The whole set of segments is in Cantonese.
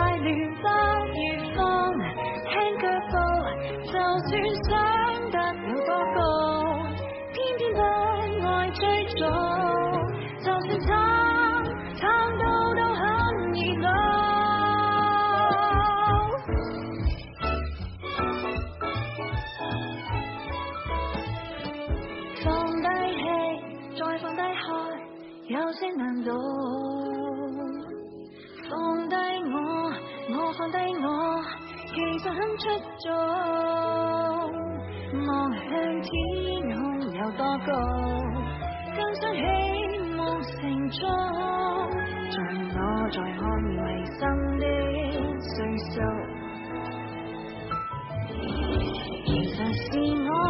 快亂不如放輕腳步，啊，就算想得有多高，偏偏不愛追逐，就算撐撐到都很熱鬧。放低氣，再放低開，有些難度。放低我，其實很出眾。望向天空有多高，更想希望成真。像我在看迷生的歲數，其實是我。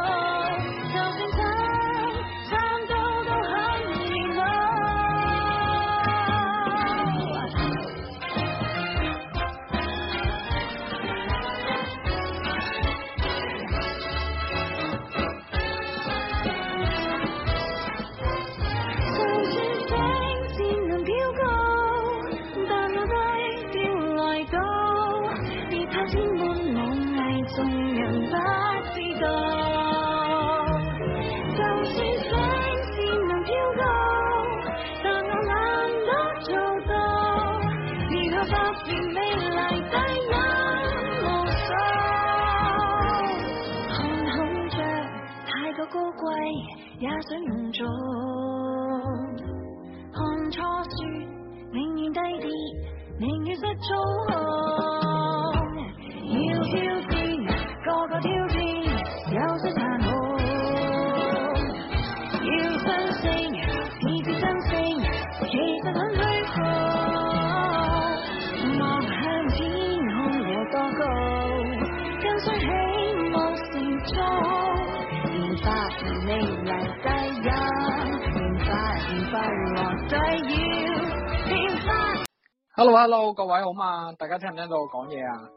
Hello 各位好嘛？大家聽唔聽到我講嘢啊？啊，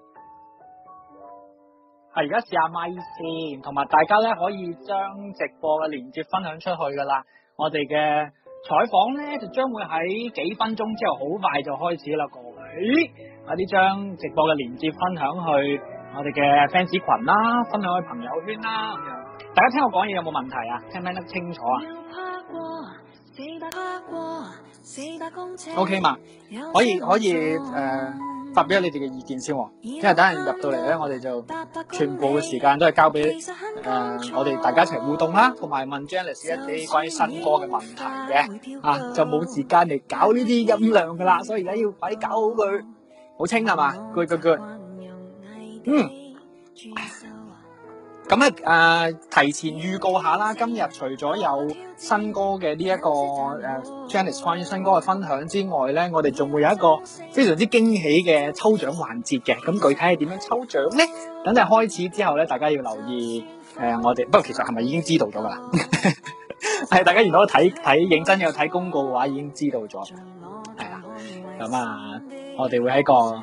而家試下咪先，同埋大家咧可以將直播嘅連接分享出去噶啦。我哋嘅採訪咧就將會喺幾分鐘之後好快就開始啦，各位。快啲將直播嘅連接分享去我哋嘅 fans 群啦，分享去朋友圈啦咁樣。Yeah. 大家聽我講嘢有冇問題啊？聽唔聽得清楚啊？O K 嘛，可以可以。誒，發表下你哋嘅意見先喎，因為等陣入到嚟，咧，我哋就全部嘅時間都係交俾誒，呃，我哋大家一齊互動啦，同埋問 Janice 一啲關於新歌嘅問題嘅，啊就冇時間嚟搞呢啲音量噶啦，所以而家要快啲搞好佢，好清係嘛，good good good，嗯。咁咧，誒、呃，提前預告下啦，今日除咗有新歌嘅呢一個誒 Janice 唱啲新歌嘅分享之外咧，我哋仲會有一個非常之驚喜嘅抽獎環節嘅。咁具體係點樣抽獎咧？等陣開始之後咧，大家要留意。誒、呃，我哋不過其實係咪已經知道咗㗎啦？係， 大家如果睇睇認真有睇公告嘅話，已經知道咗。係啦，咁啊，我哋會喺個誒。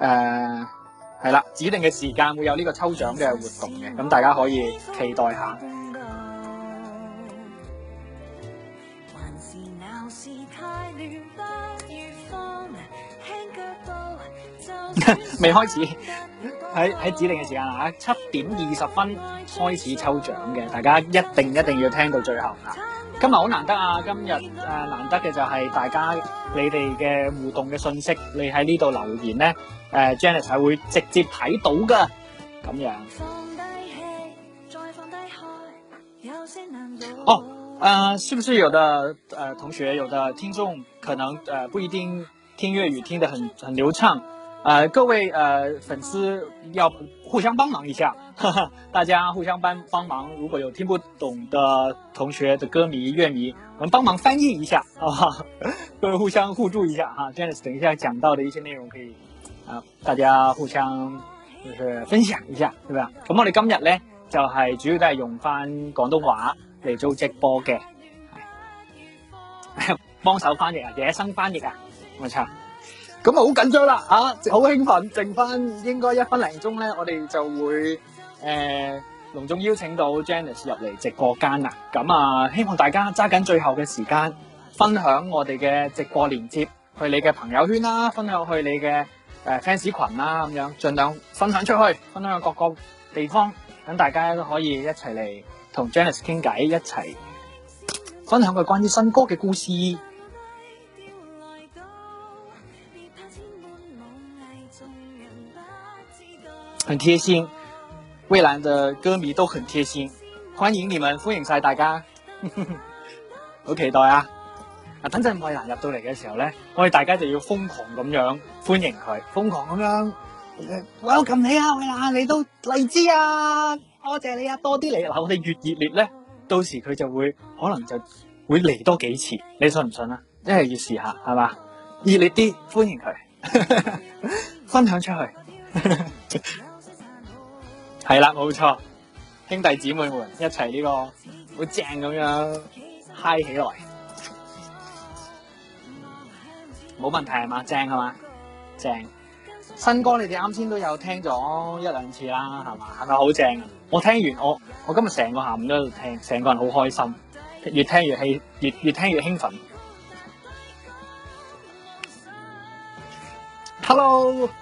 呃係啦，指定嘅時間會有呢個抽獎嘅活動嘅，咁大家可以期待下。未 開始，喺喺指定嘅時間啊，七點二十分開始抽獎嘅，大家一定一定要聽到最後今日好難得啊！今日誒、呃、難得嘅就係大家你哋嘅互動嘅信息，你喺呢度留言咧，誒、呃、Janice 係會直接睇到嘅咁樣。哦，誒、呃，係咪有啲誒、呃，同學，有的聽眾可能誒、呃、不一定聽粵語聽得很很流暢。呃，各位呃粉絲要互相幫忙一下呵呵，大家互相幫幫忙。如果有聽不懂的同學的歌迷樂迷，我們幫忙翻譯一下，好不好？各位互相互助一下哈，這樣子等一下講到的一些內容可以啊，大家互相就是分享一下，對吧？咁、嗯、我哋今日呢，就係、是、主要都係用翻廣東話嚟做直播嘅，哎、 幫手翻譯啊，野生翻譯啊，冇錯。咁啊，好緊張啦，嚇！好興奮，剩翻應該一分零鐘咧，我哋就會誒、呃、隆重邀請到 Janice 入嚟直播間啦。咁啊，希望大家揸緊最後嘅時間，分享我哋嘅直播連結去你嘅朋友圈啦，分享去你嘅誒 fans 群啦，咁樣盡量分享出去，分享各個地方，等大家都可以一齊嚟同 Janice 傾偈，一齊分享佢關於新歌嘅故事。很貼心，衛蘭的歌迷都很貼心，歡迎你們，歡迎晒大家。好期待啊！嗱、啊，等陣衛蘭入到嚟嘅時候咧，我哋大家就要瘋狂咁樣歡迎佢，瘋狂咁樣、呃、我有 l 你啊，衛蘭，你都荔枝啊，多謝你啊，多啲嚟啊，我哋越熱烈咧，到時佢就會可能就會嚟多幾次，你信唔信啊？一係要試下係嘛，熱烈啲歡迎佢，分享出去。呵呵係啦，冇錯，兄弟姊妹們一齊呢個好正咁樣嗨起來，冇、嗯、問題係嘛，正係嘛，正。新歌你哋啱先都有聽咗一兩次啦，係嘛，係咪好正？啊，我聽完我我今日成個下午都喺度聽，成個人好開心，越聽越興，越越聽越興奮。Hello。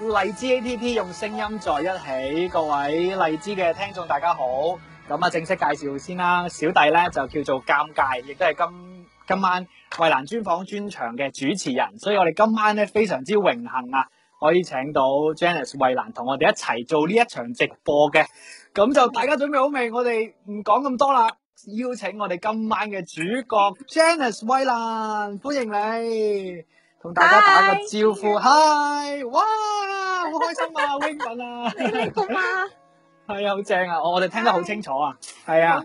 荔枝 A P P 用聲音在一起，各位荔枝嘅聽眾大家好，咁啊正式介紹先啦，小弟咧，就叫做尷尬，亦都係今今晚衛蘭專訪專場嘅主持人，所以我哋今晚咧，非常之榮幸啊，可以請到 Janice 衛蘭同我哋一齊做呢一場直播嘅。咁就大家準備好未？我哋唔講咁多啦，邀請我哋今晚嘅主角 Janice 衛蘭，歡迎你。同大家打個招呼，Hi，哇，好開心啊，好興奮啊，係啊，好正啊，我哋聽得好清楚啊，係啊，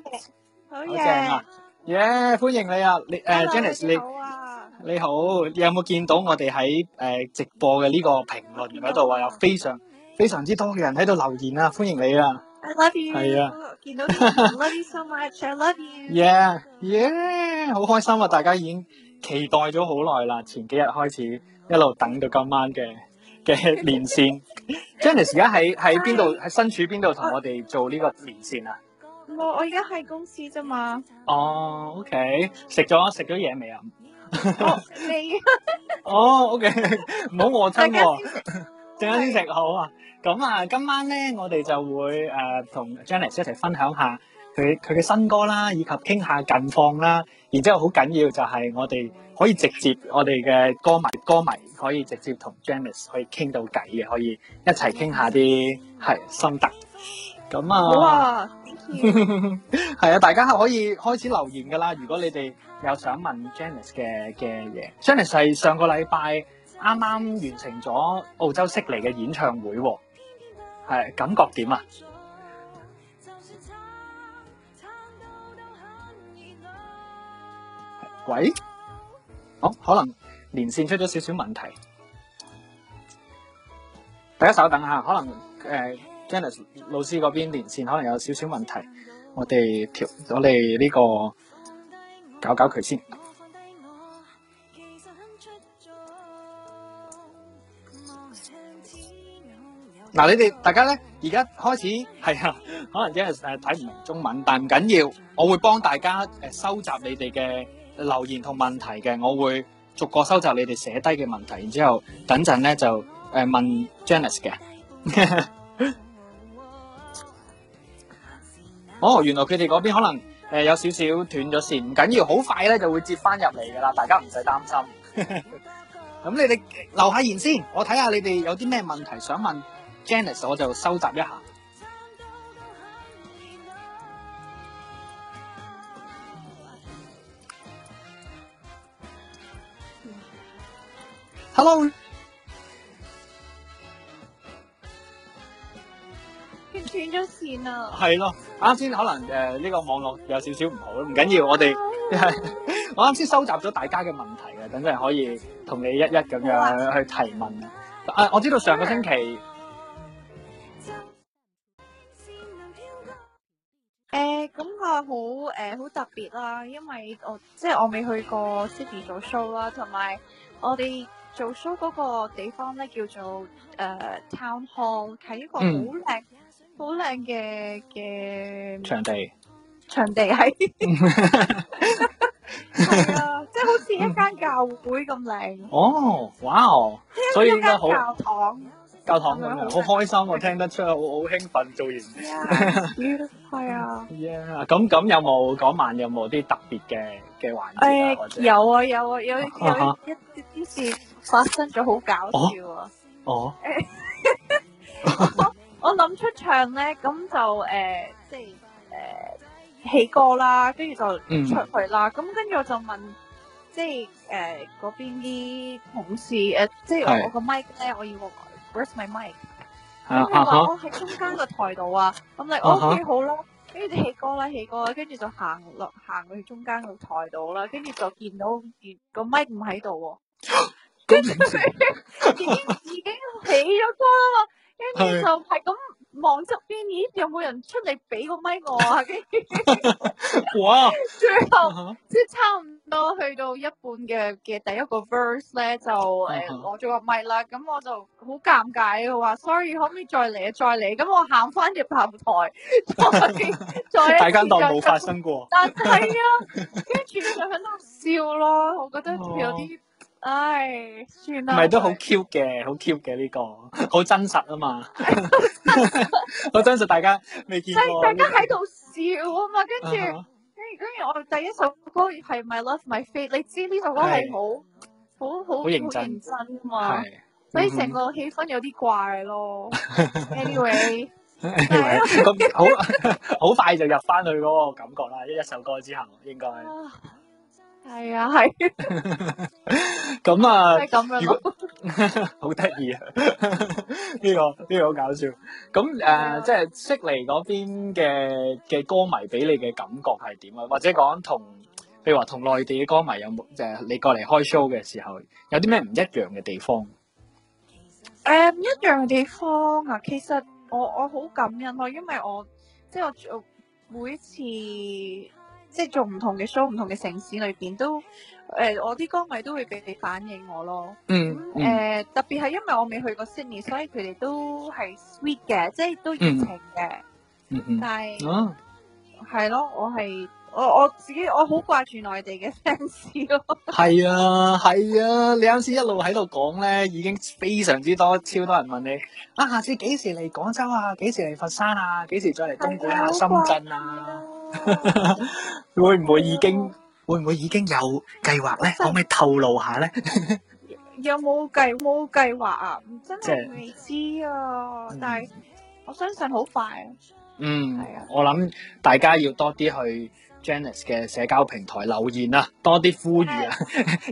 好正啊，耶，歡迎你啊，你誒，Janice，你你好，你有冇見到我哋喺誒直播嘅呢個評論喺度話有非常非常之多嘅人喺度留言啊，歡迎你啊，I love you，係啊，見到，I love you so much, I love you 耶！耶！好開心啊，大家已經。期待咗好耐啦，前幾日開始一路等到今晚嘅嘅連線。 Janice 而家喺喺邊度？喺身處邊度同我哋做呢個連線啊？我我而家喺公司啫嘛。哦、oh，OK，食咗食咗嘢未啊？未。哦，OK，唔 好餓親。陣間先食好啊。咁啊，今晚咧我哋就會誒同、呃、Janice 一齊分享下。佢佢嘅新歌啦，以及傾下近況啦，然之後好緊要就係我哋可以直接我哋嘅歌迷歌迷可以直接同 Janice 可以傾到偈嘅，可以一齊傾下啲係心得。咁啊，哇，係啊， 大家可以開始留言噶啦。如果你哋有想問 Janice 嘅嘅嘢，Janice 係上個禮拜啱啱完成咗澳洲悉尼嘅演唱會喎，係感覺點啊？喂，哦可能連線出咗少少問題，大家稍等下，可能誒，Janice 老師嗰邊連線可能有少少問題，我哋調我哋呢個搞搞佢先。嗱，你哋大家咧，而家開始係啊，可能 Janice 誒睇唔明中文，但唔緊要，我會幫大家誒收集你哋嘅。留言同問題嘅，我會逐個收集你哋寫低嘅問題，然之後等陣咧就誒問 Janice 嘅。 哦，原來佢哋嗰邊可能誒有少少斷咗線，唔緊要，要，好快咧就會接翻入嚟噶啦，大家唔使擔心。咁 你哋留下言先，我睇下你哋有啲咩問題想問 Janice，我就收集一下。Hello，佢斷咗線啊！係咯，啱先可能誒呢個網絡有少少唔好，唔緊要，我哋、oh. 我啱先收集咗大家嘅問題嘅，等陣可以同你一一咁樣去提問。Oh. 啊，我知道上個星期誒感覺好誒好特別啦，因為我即係、就是、我未去過 City 做 show 啦，同埋我哋。做 show 嗰個地方咧叫做誒 Town Hall，係一個好靚好靚嘅嘅場地，場地係係啊，即係好似一間教會咁靚哦，哇哦，所以而教堂？教堂咁樣，好開心，我聽得出好好興奮，做完係啊，係啊，咁咁有冇嗰晚有冇啲特別嘅嘅環節或者有啊有啊有有一啲事。發生咗好搞笑啊！Oh? Oh? 我我諗出場咧，咁就誒、呃、即係誒、呃、起歌啦，跟住就出去啦。咁跟住我就問，即係誒嗰邊啲同事誒、呃，即係是我個麥咧，我要個 Where's my mic？咁佢話：我喺中間個台度啊！咁你、uh, uh, OK 好咯。跟住你起歌啦，起歌啦，跟住就行落行去中間個台度啦、啊。跟住就見到個麥唔喺度喎。 跟住 已經已經起咗歌啦嘛，跟住 就係咁望側邊，咦有冇人出嚟俾個咪我啊？哇 ！Wow. 最後即係、uh huh. 差唔多去到一半嘅嘅第一個 verse 咧，就誒攞咗個咪啦。咁我就好尷尬嘅，話，sorry，可唔可以再嚟啊？再嚟，咁我行翻入後台。大家當冇發生過。但係啊，跟住佢喺度笑咯，我覺得有啲～、uh huh. 唉，算啦，唔係都好 cute 嘅，好 cute 嘅呢個，好真實啊嘛，好真實，大家未見過，大家喺度笑啊嘛。跟住跟住我第一首歌係 My Love My Fate，你知呢首歌係好好好認真啊嘛，所以成個氣氛有啲怪咯，Anyway，但係好好快就入翻去嗰個感覺啦，一一首歌之後應該。.係啊，係。咁啊，係咁樣。好得意啊！呢個呢個好搞笑。咁誒，即係悉尼嗰邊嘅嘅歌迷俾你嘅感覺係點啊？或者講同，譬如話同內地嘅歌迷有冇即係，你過嚟開 show 嘅時候有啲咩唔一樣嘅地方？誒，唔一樣嘅地方啊！其實我我好感恩我，因為我即係我我每一次。即係做唔同嘅 show，唔同嘅城市裏邊都，誒、呃，我啲歌迷都會俾你反映我咯。嗯。誒、嗯呃，特別係因為我未去過 Sydney，所以佢哋都係 sweet 嘅，即係都熱情嘅。但係，係咯，我係我我自己，我好掛住內地嘅 fans 咯、嗯。係 啊，係啊，你啱先一路喺度講咧，已經非常之多，超多人問你，啊，下次幾時嚟廣州啊？幾時嚟佛山啊？幾時再嚟東莞啊？深圳啊？啊 會唔會已經、啊、會唔會已經有計劃咧？可唔可以透露下咧 ？有冇計冇計劃啊？真係、就是、未知啊！但係我相信好快、啊。嗯，係啊，我諗大家要多啲去 Janice 嘅社交平台留言啊，多啲呼籲啊，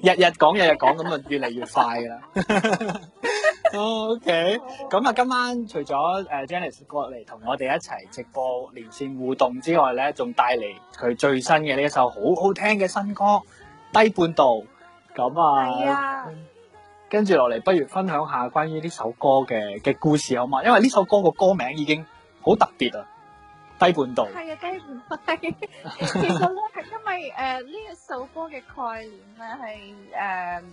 日日講日日講，咁啊越嚟越快㗎啦。 OK，咁啊，今晚除咗誒 Janice 過嚟同我哋一齊直播連線互動之外咧，仲帶嚟佢最新嘅呢一首好好聽嘅新歌《低半度》。咁啊，係啊，跟住落嚟不如分享下關於呢首歌嘅嘅故事好嘛？因為呢首歌個歌名已經好特別啊。低半度，係啊 半度，低半度？其實咧，係因為誒呢、呃、首歌嘅概念咧，係誒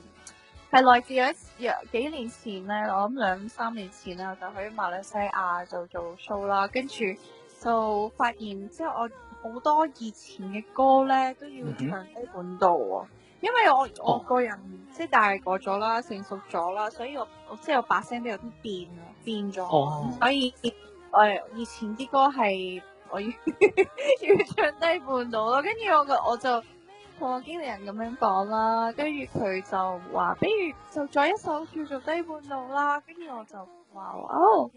係來自有有幾年前咧，我諗兩三年前啦，我就喺馬來西亞就做 show 啦，跟住就、so, 發現之後我好多以前嘅歌咧都要唱低半度啊、喔，嗯、哼因為我我個人、哦、即係大個咗啦，成熟咗啦，所以我我即係把聲都有啲變啊，變咗，哦、所以誒以，以前啲歌係。我 要唱低半度咯，跟住我個我就同我經理人咁樣講啦，跟住佢就話，不如就再一首叫做低半度啦，跟住我就話，哦，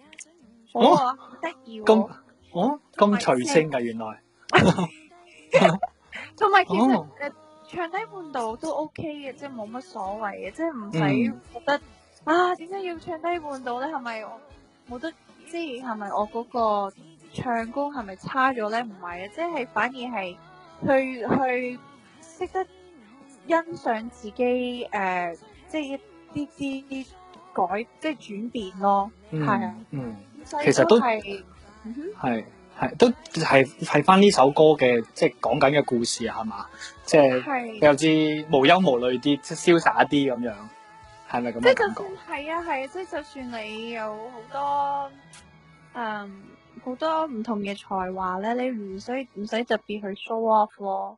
好得意咁，哦咁隨聲嘅原來，同埋其實誒、哦、唱低半度都 OK 嘅，即係冇乜所謂嘅，即係唔使覺得，嗯、啊點解要唱低半度咧？係咪我冇得，即係係咪我嗰、嗰個？唱歌係咪差咗咧？唔係啊，即、就、係、是、反而係去去識得欣賞自己誒，即、呃、係、就是、一啲啲改，即係轉變咯。係啊，嗯，其實都係，係係、嗯、哼都係係翻呢首歌嘅，即係講緊嘅故事係嘛？即係又至無憂無慮啲，即係瀟灑啲咁樣，係咪咁？即係就算係啊係啊，即係就算你有好多、嗯好多唔同嘅才華咧，你唔使唔使特別去 show off 咯，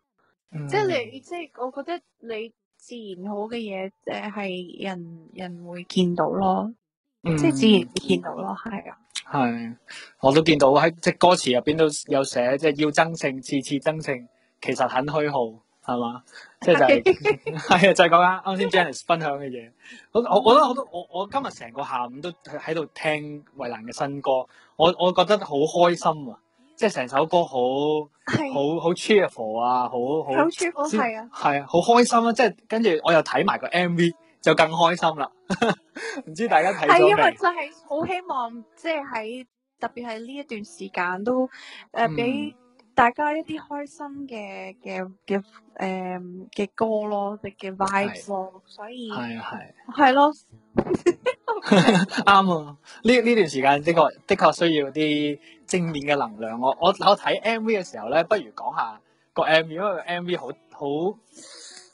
嗯、即係你即係，我覺得你自然好嘅嘢，即係人人會見到咯，嗯、即係自然見到咯，係啊，係，我都見到喺即係歌詞入邊都有寫，即係要爭勝，次次爭勝，其實很虛耗。係嘛？即係就係，係就係講啱先，Janice 分享嘅嘢。 我我覺得好多，我我今日成個下午都喺度聽衛蘭嘅新歌我，我我覺得好開、啊、好 好開心啊！即係成首歌好好好 cheerful 啊，好好 cheerful 係啊，係啊，好開心啊！即係跟住我又睇埋個 MV，就更開心啦。唔知大家睇咗未？係啊，因為真係好希望，即係喺特別係呢一段時間都誒俾。呃嗯大家一啲開心嘅嘅嘅誒嘅歌咯，嘅嘅 vibe 咯，所以係啊係，係咯啱啊！呢呢段時間的確的確需要啲正面嘅能量。我我我睇 MV 嘅時候咧，不如講下個 MV，因為個 MV 好好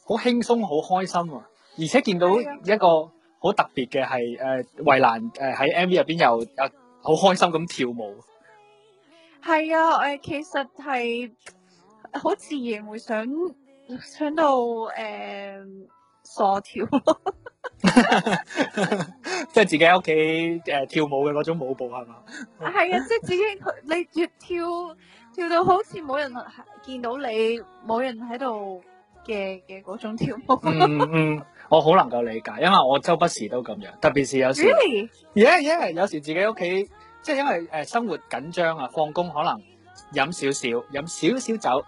好輕鬆，好開心啊！而且見到一個好特別嘅係誒衛蘭誒喺 MV 入邊又啊好開心咁跳舞。係啊，誒，其實係好自然會想想到誒、呃、傻跳咯，即 係 自己喺屋企誒跳舞嘅嗰種舞步係嘛？係 啊，即、就、係、是、自己，你越跳跳到好似冇人見到你，冇人喺度嘅嘅嗰種跳舞。 嗯嗯，我好能夠理解，因為我周不時都咁樣，特別是有時候 Really?，yeah yeah，有時候自己屋企。 即係因為誒生活緊張啊，放工可能飲少少，飲少少酒，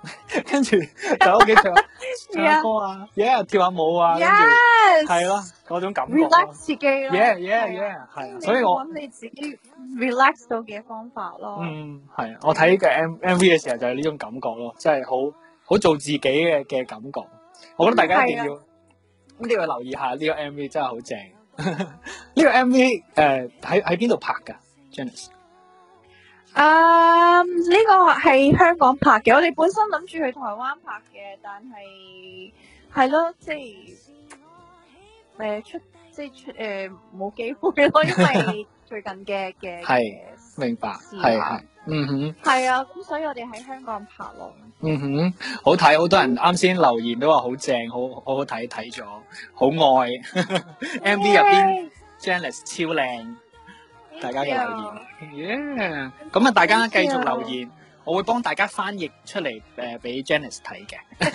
跟住就屋企唱 Yeah. 唱歌啊，嘢、yeah, 又跳下舞啊，係咯嗰種感覺，relax 自己咯，嘢嘢嘢係，啊啊、所以我諗你，你自己 relax 到嘅方法咯。嗯，係啊，我睇嘅 M M V 嘅時候就係呢種感覺咯，即係好好做自己嘅嘅感覺。我覺得大家一定要咁你、啊、要留意一下呢、這個 M V 真係好正。呢 個 M V 誒喺喺邊度拍噶？Janice，嗯，呢、um, 個係香港拍嘅。我哋本身諗住去台灣拍嘅，但係係咯，即係誒、呃、出即係出誒冇機會咯，因為最近嘅嘅係明白，係係的是嗯哼，係啊。咁所以我哋喺香港拍咯。嗯哼，好睇，好多人啱先留言都話好正，好好好睇，睇咗好愛。 MV 入邊面 Yeah.，Janice 超靚。大家嘅留言，咁啊，大家繼續留言，我會幫大家翻譯出嚟，誒，俾 Janice 睇嘅。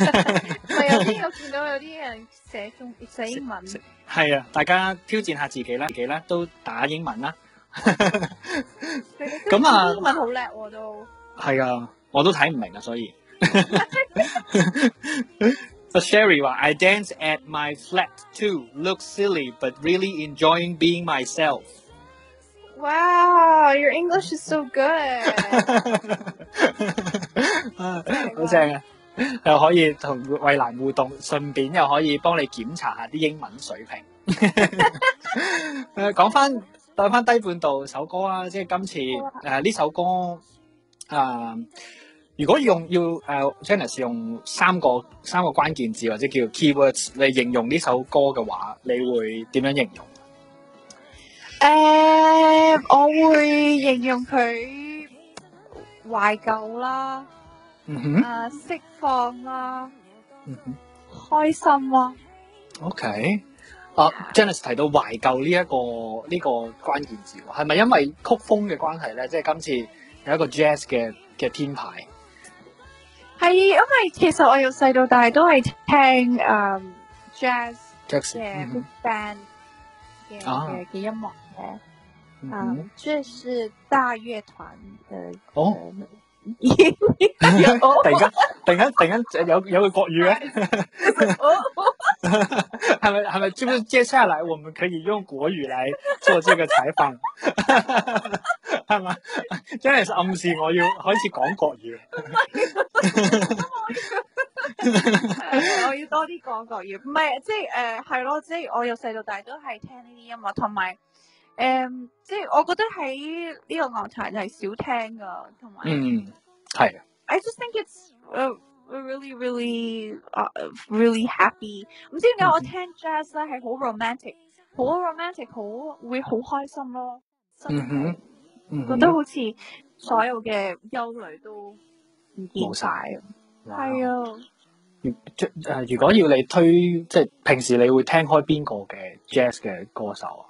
係啊，有見到有啲人寫中寫英文。係啊，大家挑戰下自己啦，自己啦，都打英文啦。咁啊，英文好叻都係啊，我都睇唔明啊，所以。阿 Sherry 話：I dance at my flat too. Look silly, but really enjoying being myself. 哇、wow.，your English is so good！好正、mm hmm. 啊，又可以同衛蘭互動，順便又可以幫你檢查下啲英文水平。誒，講翻帶翻低半度首歌啦，即、就、係、是、今次誒呢、uh, 首歌誒，uh, 如果用要誒 Janice 用三個三個關鍵字或者叫 keywords 嚟形容呢首歌嘅話，你會點樣形容？誒，我會形容佢懷舊啦，嗯哼，啊，釋放啦，嗯哼，開心啦。OK，啊，Janice 提到懷舊呢一個呢個關鍵字，係咪因為曲風嘅關係咧？即係今次有一個 jazz 嘅嘅天牌，係因為其實我由細到大都係聽誒 jazz 嘅 big band 嘅嘅音樂。啊，嗯嗯、這是大樂團的哦。突然間，突然間有有個國語呢。係咪？係咪？接下來我們可以用國語來做這個採訪，係嘛，Janice 暗示我要開始講國語。我要多啲講國語，唔係即係誒，係咯，即係、呃、我由細到大都係聽呢啲音樂，同埋。誒，即係、um, 我覺得喺呢個樂壇係少聽噶，同埋嗯係。I just think it's really, really, uh, really happy。唔知點解我聽 jazz 咧係好 romantic，好、嗯、romantic，好會好開心咯、嗯。嗯哼，覺得好似所有嘅憂慮都冇晒，係啊。即誒，的如果要你推，即係平時你會聽開邊個嘅 jazz 嘅歌手啊？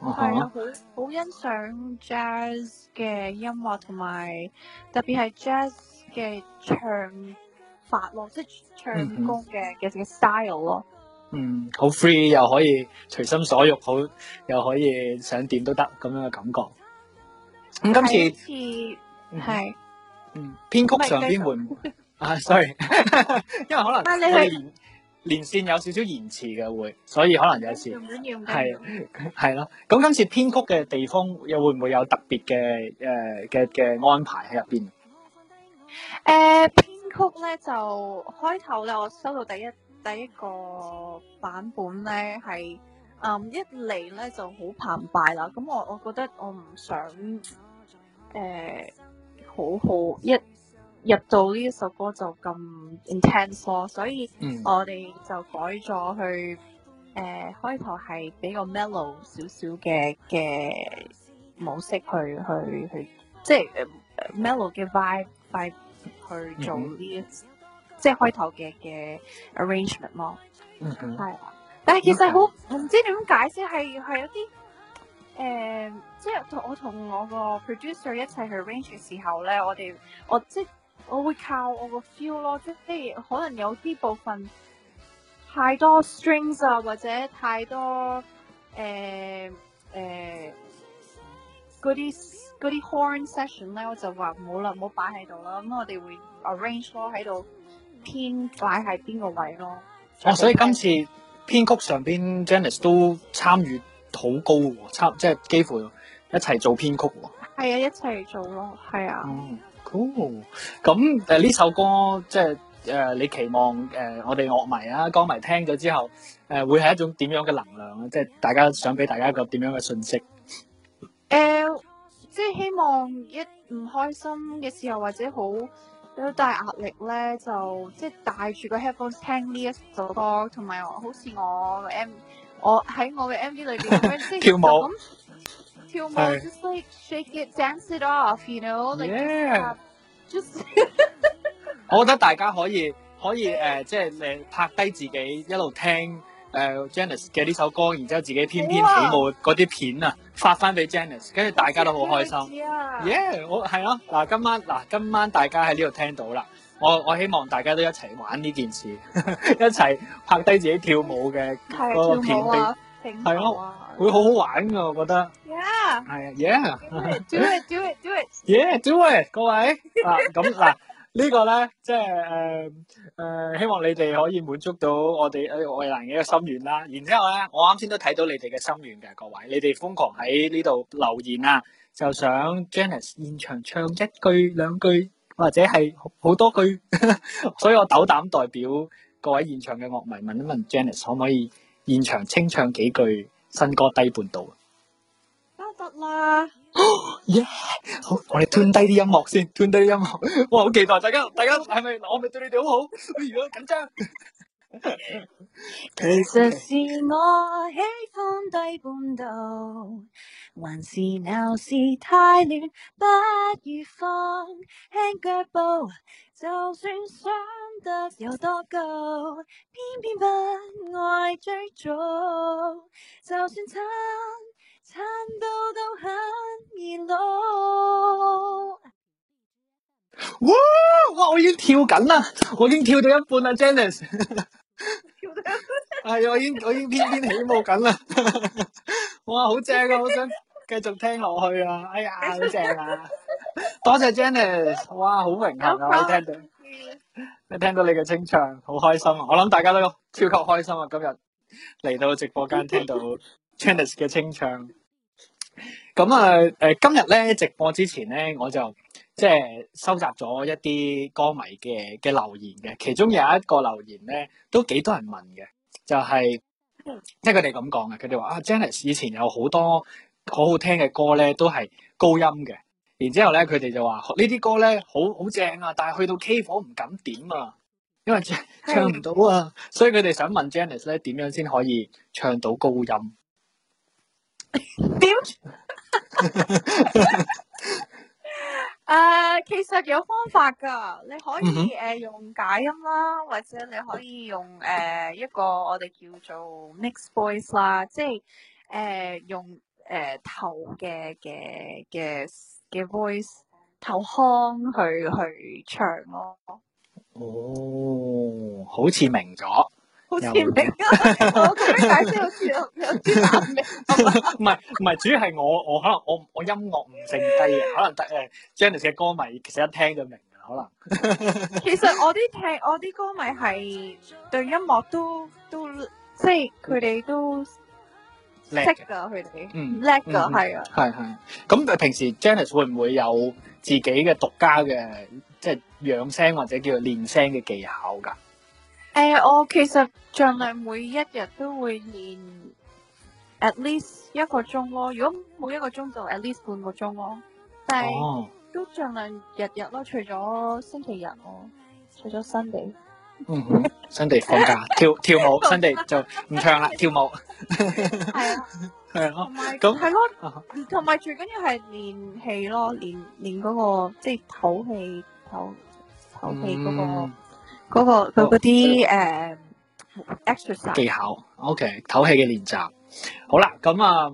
係啊，好好、uh huh. 欣賞 jazz 嘅音樂，同埋特別係 jazz 嘅唱法咯、mm hmm.，即係唱歌嘅嘅 style 咯。嗯，好 free 又可以隨心所欲，好又可以想點都得咁樣嘅感覺。咁、嗯、今次係嗯編是、嗯、曲上邊換是啊 ，sorry， 因為可能你。連線有少少延遲嘅會，所以可能有時係係咯。咁今次編曲嘅地方又會唔會有特別嘅誒嘅嘅安排喺入邊？誒、呃、編曲咧就開頭咧，我收到第一第一個版本咧係，嗯一嚟咧就好澎湃啦。咁我我覺得我唔想誒、呃、好好一。入到呢一首歌就咁 intense 咯、哦，所以我哋就改咗去誒、嗯呃、開頭係比較 mellow 少少嘅嘅模式去去去，即係、uh, mellow 嘅 vibe vibe 去做呢一、嗯、即係開頭嘅嘅 arrangement 咯。係、嗯哼啊，但係其實好唔知點解先係係有啲誒、呃、即係我同我個 producer 一齊去 arrange 嘅時候咧，我哋我即我會靠我個 feel 咯，即係可能有啲部分太多 strings 啊，或者太多誒誒嗰啲嗰啲 horn session 咧，我就話冇啦，冇擺喺度啦。咁我哋會 arrange 咯，喺度編擺喺邊個位咯。哦，所以今次編曲上邊 Janice 都參與好高喎，差即係幾乎一齊做編曲喎。係啊，一齊做咯，係啊。嗯。哦，咁誒呢首歌即係誒、呃、你期望誒、呃、我哋樂迷啊歌迷聽咗之後誒、呃、會係一種點樣嘅能量咧？即係大家想俾大家一個點樣嘅信息？誒、呃，即係希望一唔開心嘅時候或者好有大壓力咧，就即係戴住個 headphone 聽呢一首歌，同埋好似我嘅 M，我喺我嘅 MV 裏邊 跳舞。跳舞 just，係，just like shake it, dance it off，you know，like，just Yeah. snap。 我覺得大家可以可以誒，即係誒拍低自己一路聽誒、uh, Janice 嘅呢首歌，然之後自己翩翩起舞嗰啲片啊，oh, wow. 發翻俾 Janice，跟住大家都好開心。yeah，我係咯。嗱、啊、今晚嗱今晚大家喺呢度聽到啦，我我希望大家都一齊玩呢件事， 一齊拍低自己跳舞嘅個片。 係咯，會好好玩噶，我覺得。Yeah。係啊，Yeah。Do it, do it, do it。Yeah, do it，各位。啊，咁嗱，呢個咧，即係誒誒，希望你哋可以滿足到我哋誒愛蘭嘅一個心願啦。然之後咧，我啱先都睇到你哋嘅心願嘅，各位，你哋瘋狂喺呢度留言啊，就想 Janice 現場唱一句兩句，或者係好多句，所以我斗膽代表各位現場嘅樂迷問一問 Janice 可唔可以？現場清唱幾句新歌低半度，得啦 ，yeah，我哋 turn 低啲音樂先 turn 低啲音樂，哇，好期待大家，大家係咪、嗯？我咪對你哋好好，如果緊張。其實是我喜歡低半度，還是鬧市太亂，不如放輕腳步，就算想。都都到哇,哇！我已經跳緊啦，我已經跳到一半啦 Janice 係，我已經我已翩翩起舞緊啦。 哇，好正啊！好想繼續聽落去啊！哎呀，好正啊！ 多謝 Janice 哇，好榮幸啊！棒我聽到。一聽到你嘅清唱，好開心啊！我諗大家都超級開心啊！今日嚟到直播間聽到 Janice 嘅清唱，咁啊、呃、今日咧直播之前咧，我就即係、就是、收集咗一啲歌迷嘅嘅留言嘅，其中有一個留言咧都幾多人問嘅，就係即係佢哋咁講嘅，佢哋話啊 Janice 以前有好多好好聽嘅歌咧，都係高音嘅。然之後咧，佢哋就話呢啲歌咧好好正啊，但係去到 K 房唔敢點啊，因為唱唔到啊，的所以佢哋想問 Janice 咧點樣先可以唱到高音？點？啊，其實有方法㗎，你可以誒、mm hmm. 呃、用假音啦，或者你可以用誒、呃、一個我哋叫做 Mix Voice 啦，即係誒、呃、用誒、呃、頭嘅嘅嘅。嘅 voice 投腔去去唱咯，哦，好似明咗，好似明，我咁樣解釋好似有啲難明。唔係唔係，主要係我我可能我我音樂唔剩低，可能得誒 Janice 嘅歌迷其實一聽就明嘅可能，其實我啲聽我啲歌迷係對音樂都都即係佢哋都。叻噶佢哋，叻噶係啊。係係。咁誒，平時 Janice 會唔會有自己嘅獨家嘅，即係養聲或者叫做練聲嘅技巧㗎？誒，我其實盡量每一日都會練，at least 一個鐘咯。如果冇一個鐘就 at least 半個鐘咯。但係都盡量日日咯，除咗星期日咯，除咗 Sunday。嗯哼，新地放假跳跳舞，新地就唔唱啦，跳舞係啊，對咯，咁係咯，同埋最緊要係練氣咯，練練嗰個即係唞氣唞唞氣嗰個嗰、嗰個佢嗰啲，誒 exercise 技巧，OK 唞氣嘅練習。好啦，咁啊，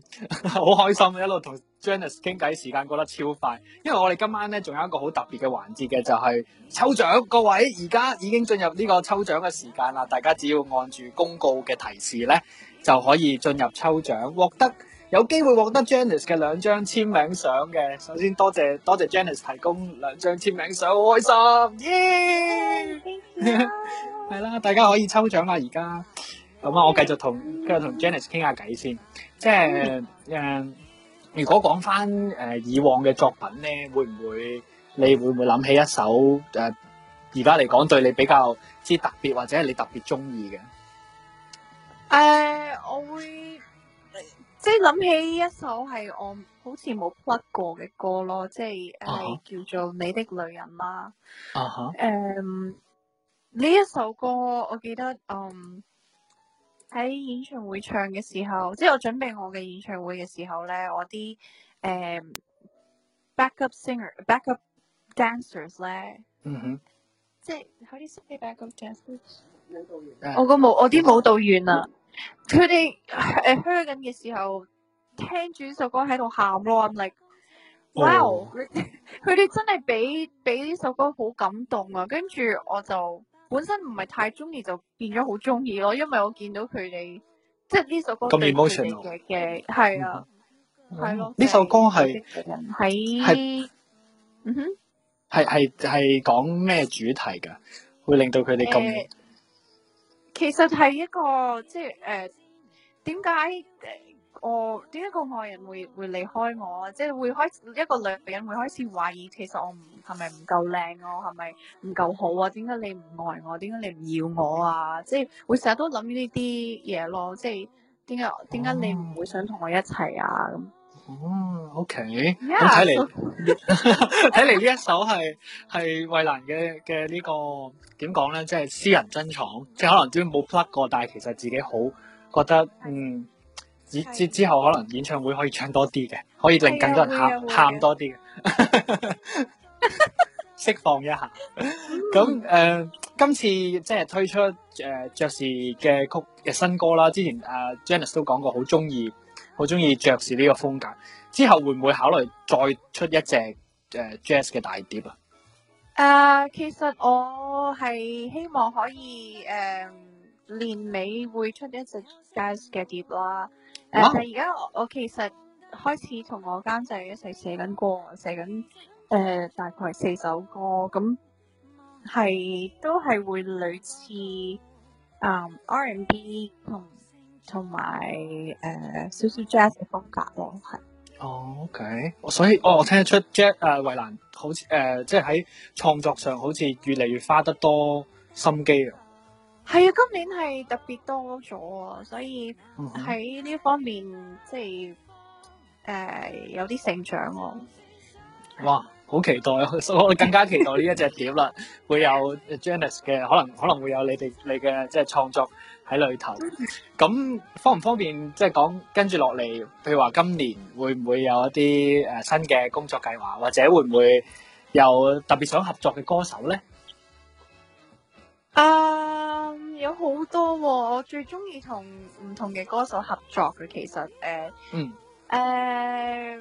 好開心，一路同 Janice 傾偈，時間過得超快。因為我哋今晚呢，仲有一個好特別嘅環節嘅，就係抽獎。各位而家已經進入呢個抽獎嘅時間啦，大家只要按住公告嘅提示呢，就可以進入抽獎，獲得有機會獲得 Janice 嘅兩張簽名相嘅。首先多謝多謝 Janice 提供兩張簽名相，好開心，耶，係啦，大家可以抽獎啦，而家。咁啊，嗯、我繼續同繼續同 Janice 傾下偈先，即係誒、呃，如果講翻誒以往嘅作品咧，會唔會你會唔會諗起一首誒而家嚟講對你比較之特別或者係你特別中意嘅？誒、uh，我會即係諗起一首係我好似冇 plug 過嘅歌咯，即係誒叫做你的女人啦。啊哈。誒，呢一首歌我記得嗯。Um, 喺演唱會唱嘅時候，即係我準備我嘅演唱會嘅時候咧，我啲誒、呃、backup singer back、mm hmm. backup dancers 咧，嗯哼，即係，你好似 say backup dancers，舞蹈員，我個舞，我啲舞蹈員啊，佢哋誒 hurt 緊嘅時候，聽住呢首歌喺度喊咯，I'm like，哇，你，佢哋真係俾俾呢首歌好感動啊，跟住我就。本身唔係太中意，就變咗好中意咯，因為我見到佢哋，即係呢首歌係佢哋嘅，咁 emotional 嘅，係啊，係咯，呢首歌係喺，嗯哼，係係係講咩主題噶？會令到佢哋咁？其實係一個即係誒，點解？我點解個愛人會會離開我啊？即係會開始一個女人 e r 會開始懷疑，其實我唔係咪唔夠靚？我係咪唔夠好啊？點解你唔愛我？點解你唔要我啊？即係會成日都諗呢啲嘢咯。即係點解點解你唔會想同我一齊啊？咁哦、嗯、OK，睇嚟睇嚟呢一首係係衞蘭嘅嘅、這個、呢個點講咧？即、就、係、是、私人珍藏，即係可能都冇 plug 過，但係其實自己好覺得嗯。之之後可能演唱會可以唱多啲嘅，可以令更多人喊喊多啲嘅， 釋放一下。咁 誒，uh, 今次即係推出誒、uh, 爵士嘅曲嘅新歌啦。之前誒、uh, Janice 都講過好中意，好中意爵士呢個風格。之後會唔會考慮再出一隻誒 Jazz 嘅大碟啊？誒，uh, 其實我係希望可以誒。Uh, 年尾會出一隻 jazz 嘅碟啦。但誒、啊，而家、uh, 我，我其實開始同我監製一齊寫緊歌，寫緊誒、呃、大概四首歌。咁係都係會類似嗯 R&B 同同埋誒少少 jazz 嘅風格咯。係、oh, okay。哦，OK。所以我我聽得出 jazz 誒、呃、衛蘭好似誒即係喺創作上好似越嚟越花得多心機啊！係啊，今年係特別多咗啊，所以喺呢方面即係誒有啲成長咯。哇，好期待，所以我更加期待呢一隻碟啦，會有 Janice 嘅可能，可能會有你哋你嘅即係創作喺裏頭。咁方唔方便即係講跟住落嚟，譬如話今年會唔會有一啲誒新嘅工作計劃，或者會唔會有特別想合作嘅歌手咧？啊！有好多、哦，我最中意同唔同嘅歌手合作嘅。其實，誒、呃，誒、嗯呃，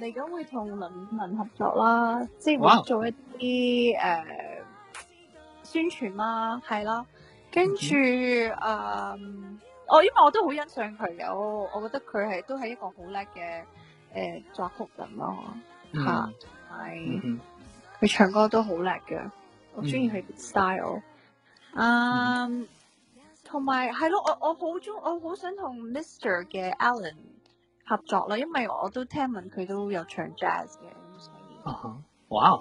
嚟緊會同林文合作啦，即係會做一啲誒哇、呃、宣傳啦，係啦。跟住，誒、嗯哼，我、呃哦、因為我都好欣賞佢嘅，我我覺得佢係都係一個好叻嘅誒作曲人咯，吓，同佢唱歌都好叻嘅。我中意佢 style，嗯、呃。嗯嗯同埋係咯，我我好中，我好想同 Mr. 嘅 Alan 合作啦，因為我都聽聞佢都有唱 jazz 嘅。啊哈！哇，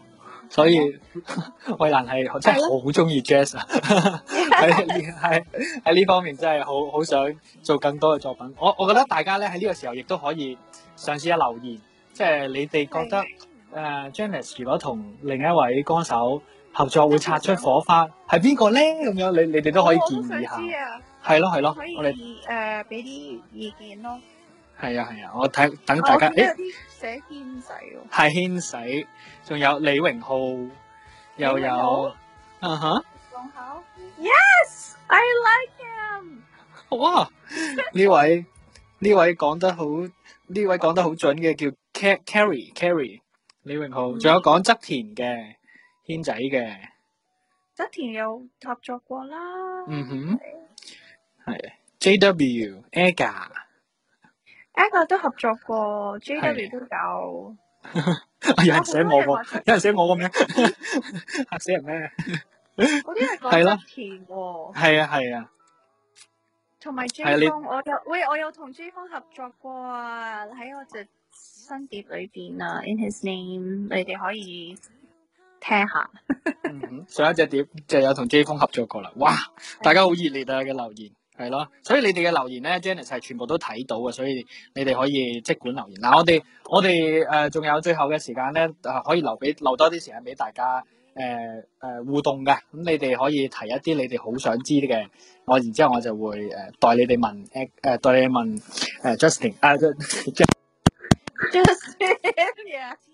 所以衛蘭係真係好中意 jazz 啊！喺喺喺呢方面真係好好想做更多嘅作品。我我覺得大家咧喺呢個時候亦都可以嘗試下留言，即係你哋覺得誒 jazz 如果同另一位歌手，合作會擦出火花，係邊個咧？咁樣你你哋都可以建議一下，係咯係咯，我哋誒俾啲意見咯、哦。係啊係啊，我睇等大家誒，寫軒仔喎，係軒仔，仲有李榮浩，又有啊哈，仲有，Yes，I like him。哇，呢 位呢位講得好，呢位講得好準嘅叫 Carry Carry 李榮浩，仲、嗯、有講側田嘅。邊仔嘅？側田有合作過啦。嗯哼，係 JW、Egg、Egg 都合作過，JW 都有。有人寫我個，有人寫我個名，嚇死人咩？我啲人講側田喎。係啊係啊，同埋 Jay Fung，我有喂，我有同 Jay Fung 合作過啊！喺我隻新碟裏邊啊，In His Name，你哋可以。聽下， 上一隻碟就有同 J.F. 合作過啦，哇！大家好熱烈啊嘅、這個、留言，係咯，所以你哋嘅留言咧 Janice 係全部都睇到嘅，所以你哋可以即管留言。嗱、啊，我哋我哋誒，仲、呃、有最後嘅時間咧、呃，可以留俾留多啲時間俾大家誒誒、呃呃、互動嘅，咁、嗯、你哋可以提一啲你哋好想知嘅，我然之後我就會誒、呃、代你哋問誒誒、呃、代你問誒、呃、Justin 啊 Justin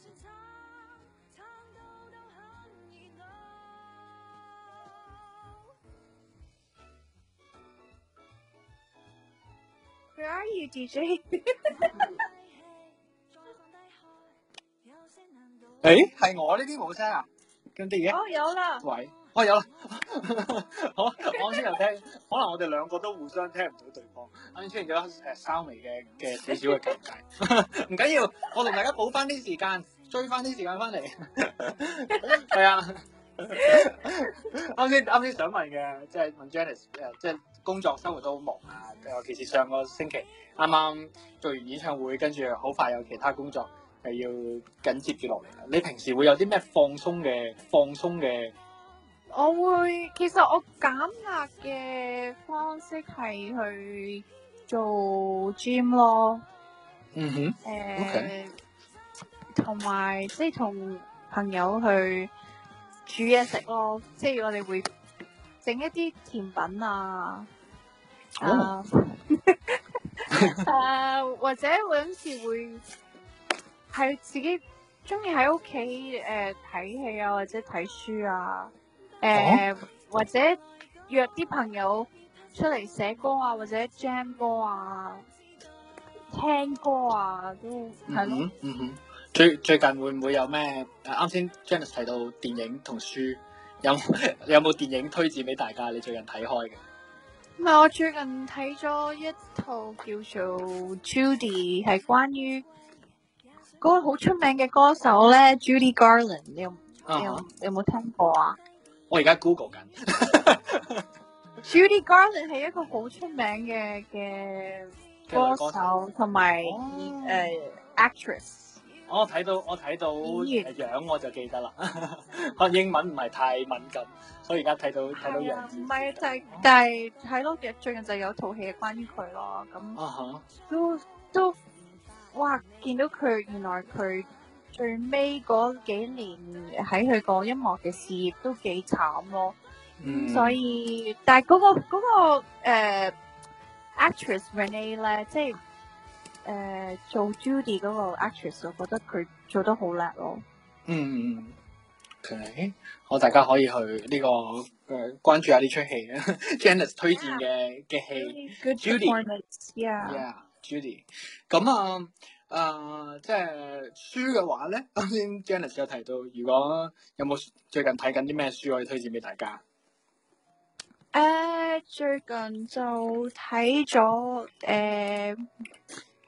Where are you, DJ？哎，係我呢啲冇聲啊，咁點啊？我、哦、有啦，喂，哦，有啦， 好，我先又聽， 可能我哋兩個都互相聽唔到對方，啱先出現咗誒稍微嘅嘅少少嘅尷尬，唔 緊要，我同大家補翻啲時間，追翻啲時間翻嚟，係 是啊，啱先啱先想問嘅，即、就、係、是、Janice 即、就、係、是。工作生活都好忙啊，尤其是上個星期啱啱做完演唱會，跟住好快有其他工作係要緊接住落嚟啦。你平時會有啲咩放鬆嘅放鬆嘅？我會，其實我減壓嘅方式係去做 gym 咯。嗯哼。誒、呃，OK，同埋即係同朋友去煮嘢食咯，即係我哋會。整一啲甜品啊，oh. 啊，誒或者會有時會係自己中意喺屋企誒睇戲啊，或者睇、呃啊、書啊，誒、呃 oh. 或者約啲朋友出嚟寫歌啊，或者 jam 歌啊，聽歌啊都係咯。嗯、就、哼、是，最、mm hmm. mm hmm. 最近會唔會有咩？啱先 Janice 提到電影同書。有有冇電影推薦俾大家？你最近睇開嘅？唔係，我最近睇咗一套叫做《Judy》，係關於嗰個好出名嘅歌手咧，Judy Garland。你有你有冇聽過啊？我而家 Google 緊。 Judy Garland 係一個好出名嘅嘅歌手，同埋誒 actress。.哦、我睇到我睇到，睇到樣我就記得啦。可 英文唔係太敏感，所以而家睇到睇到樣唔係啊，就係、是哦、就係睇到嘅最近就有套戲係關於佢咯。咁、啊、哈都都哇，見到佢原來佢最尾嗰幾年喺佢個音樂嘅事業都幾慘咯。嗯、所以，但係嗰、嗰個嗰、嗰個、uh, actress Renee 呢即係。誒，uh, 做 Judy 嗰個 actress，我覺得佢做得好叻咯。嗯，OK，好，大家可以去呢、這個、呃、關注下呢出戲，Janice 推薦嘅嘅戲 Good Judy，yeah，Judy。咁啊，誒，即係書嘅話咧，啱先 Janice 有提到，如果有冇最近睇緊啲咩書可以推薦俾大家？誒，uh, 最近就睇咗誒。Uh,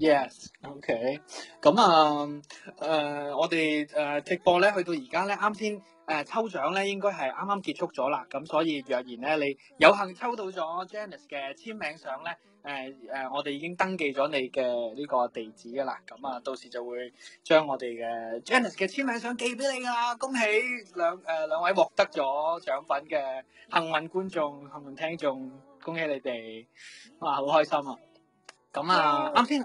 Yes，OK，咁啊，誒，我哋誒直播咧，去到而家咧，啱先誒抽獎咧，應該係啱啱結束咗啦。咁所以若然咧，你有幸抽到咗 Janice 嘅簽名相咧，誒誒，我哋已經登記咗你嘅呢個地址噶啦。咁啊，到時就會將我哋嘅 Janice 嘅簽名相寄俾你噶啦！恭喜兩誒兩位獲得咗獎品嘅幸運觀眾、幸運聽眾，恭喜你哋，哇，好開心啊！咁啊，啱先。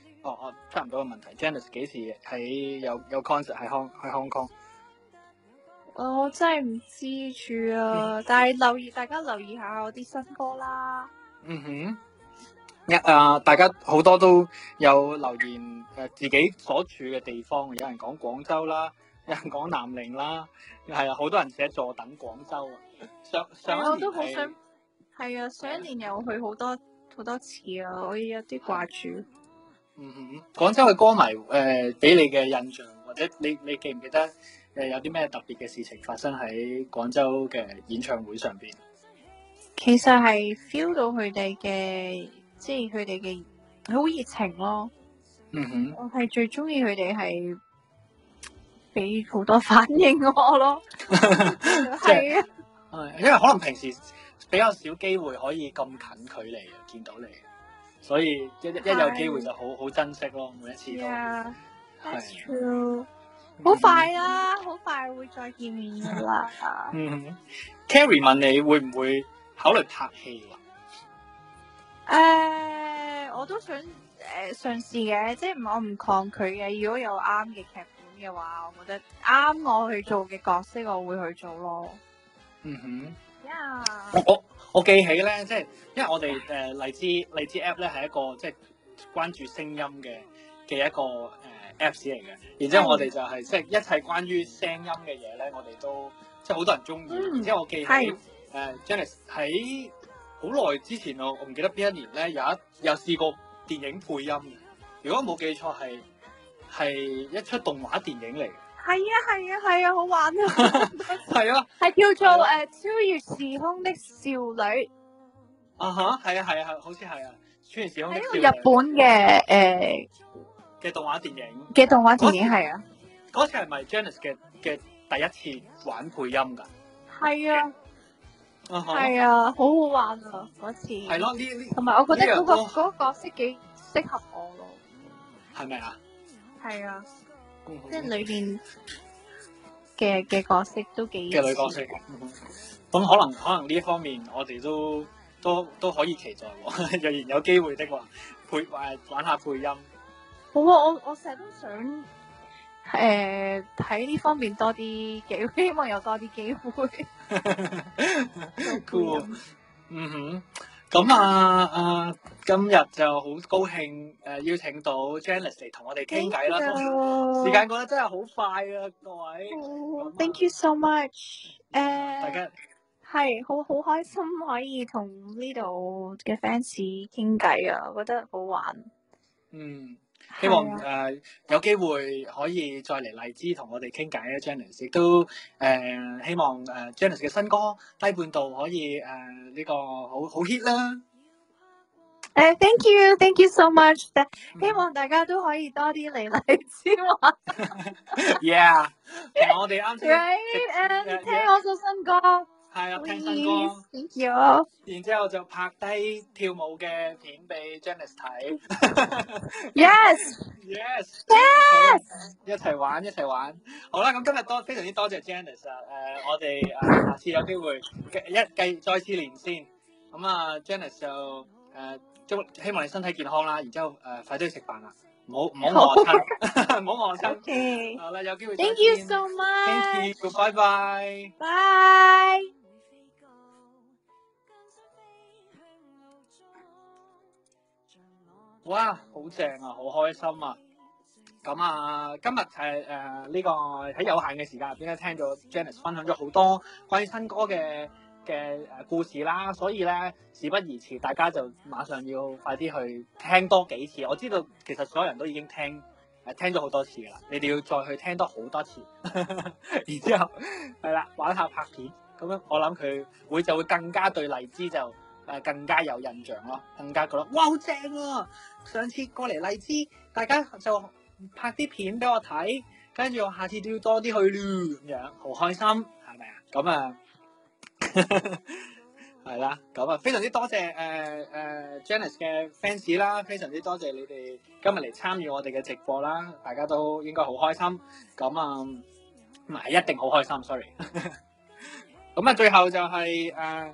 哦哦，差唔多嘅問題。Janice 幾時喺有有 concert 喺康喺香港？我真係唔知住啊！ 但係留意大家留意一下我啲新歌啦。嗯哼，一啊，大家好多都有留言，誒，自己所住嘅地方，有人講廣州啦，有人講南寧啦，係啊，好多人寫坐等廣州啊。上上、哎、我都好想係啊，上一年又去好多好多次啊，我有啲掛住。嗯嗯嗯，廣州嘅歌迷誒，俾、呃、你嘅印象，或者你你記唔記得誒、呃、有啲咩特別嘅事情發生喺廣州嘅演唱會上面？其實係 feel 到佢哋嘅，即係佢哋嘅好熱情咯。嗯哼，我係最鍾意佢哋係俾好多反應我咯。係啊，因為可能平時比較少機會可以咁近距離見到你。所以一一有機會就好好對珍惜咯，每一次都係。That's true，好快啦，好快會再見面啦。嗯哼，Carrie 問你會唔會考慮拍戲啊？誒，uh, 我都想誒嘗試嘅，即係我唔抗拒嘅。如果有啱嘅劇本嘅話，我覺得啱我去做嘅角色，我會去做咯。嗯哼。啊，我我我記起咧，即係因為我哋誒荔枝荔枝 app 咧，係一個即係關注聲音嘅嘅一個誒 apps 嚟嘅，然之後我哋就係即係一切關於聲音嘅嘢咧，我哋都即係好多人中意。然之後我記起誒 Janice 喺好耐之前我我唔記得邊一年咧，有一有試過電影配音，如果冇記錯係係一齣動畫電影嚟嘅。係啊係啊係啊，好玩啊！係啊，係叫做誒超越時空的少女。啊吓？係啊係啊係，好似係啊，超越時空的少女。喺個日本嘅誒嘅動畫電影嘅動畫電影，係啊，嗰次係咪 Janice 嘅嘅第一次玩配音噶？係啊，係啊，好好玩啊！嗰次係咯，呢同埋我覺得嗰個嗰個角色幾適合我咯，係咪啊？係啊。嗯、即係裏邊嘅嘅角色都幾嘅女角色，咁、嗯、可能可能呢一方面我哋都都都可以期待、哦，若 然有機會的話，配玩下配音。好啊、我我我成日都想誒喺呢方面多啲，希望有多啲機會。 嗯哼。咁啊，啊，今日就好高興誒，邀請到 Janice 同我哋傾偈啦！咁時間過得真係好快啊，各位。Thank you so much。Uh，大家係好好開心可以同呢度嘅 fans 傾偈啊，我覺得好玩。嗯。希望誒、啊呃、有機會可以再嚟荔枝同我哋傾偈啊，Janice 亦都誒、呃、希望誒 Janice 嘅新歌低半度可以誒呢、呃這個好好 hit 啦。誒、uh,，thank you，thank you so much、嗯。希望大家都可以多啲嚟荔枝玩。 yeah，我哋啱先聽我首新歌。係啊，Please? 聽新歌，thank you。然之後就拍低跳舞嘅片俾 Janice 睇。 Yes。Yes。Yes。一齊玩，一齊玩。好啦，咁今日多非常之多謝 Janice。誒、uh,，我、uh, 哋下次有機會一繼再次連線。咁、uh, 啊，Janice 就誒，祝、uh, 希望你身體健康啦。然之後誒，uh, 快啲去食飯啦，唔好唔好餓親，唔好餓親。好啦，有機會再見。Thank you so much。Thank you。Bye bye。Bye。哇，好正啊，好開心啊！咁啊，今日誒呢個喺有限嘅時間入邊咧，聽咗 Janice 分享咗好多關於新歌嘅嘅誒故事啦，所以咧事不宜遲，大家就馬上要快啲去聽多幾次。我知道其實所有人都已經聽聽咗好多次噶啦，你哋要再去聽多好多次， 然之後係啦，玩下拍片，咁樣我諗佢會就會更加對荔枝就。誒更加有印象咯，更加覺得哇，好正啊！上次過嚟荔枝，大家就拍啲片俾我睇，跟住我下次都要多啲去，咁樣好開心，係咪啊？咁啊，係啦、嗯，咁啊， 非常之多謝誒誒、呃呃、Janice 嘅 fans 啦，非常之多謝你哋今日嚟參與我哋嘅直播啦，大家都應該好開心，咁啊，唔係一定好開心，sorry。咁 啊，最後就係、是、誒。呃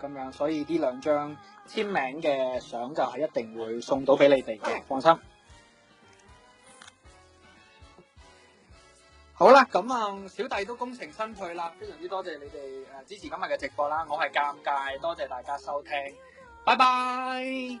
咁樣，所以呢兩張簽名嘅相就係一定會送到俾你哋嘅，放心。好啦，咁啊，小弟都功成身退啦，非常之多謝你哋誒支持今日嘅直播啦，我係尷尬，多謝大家收聽，拜拜。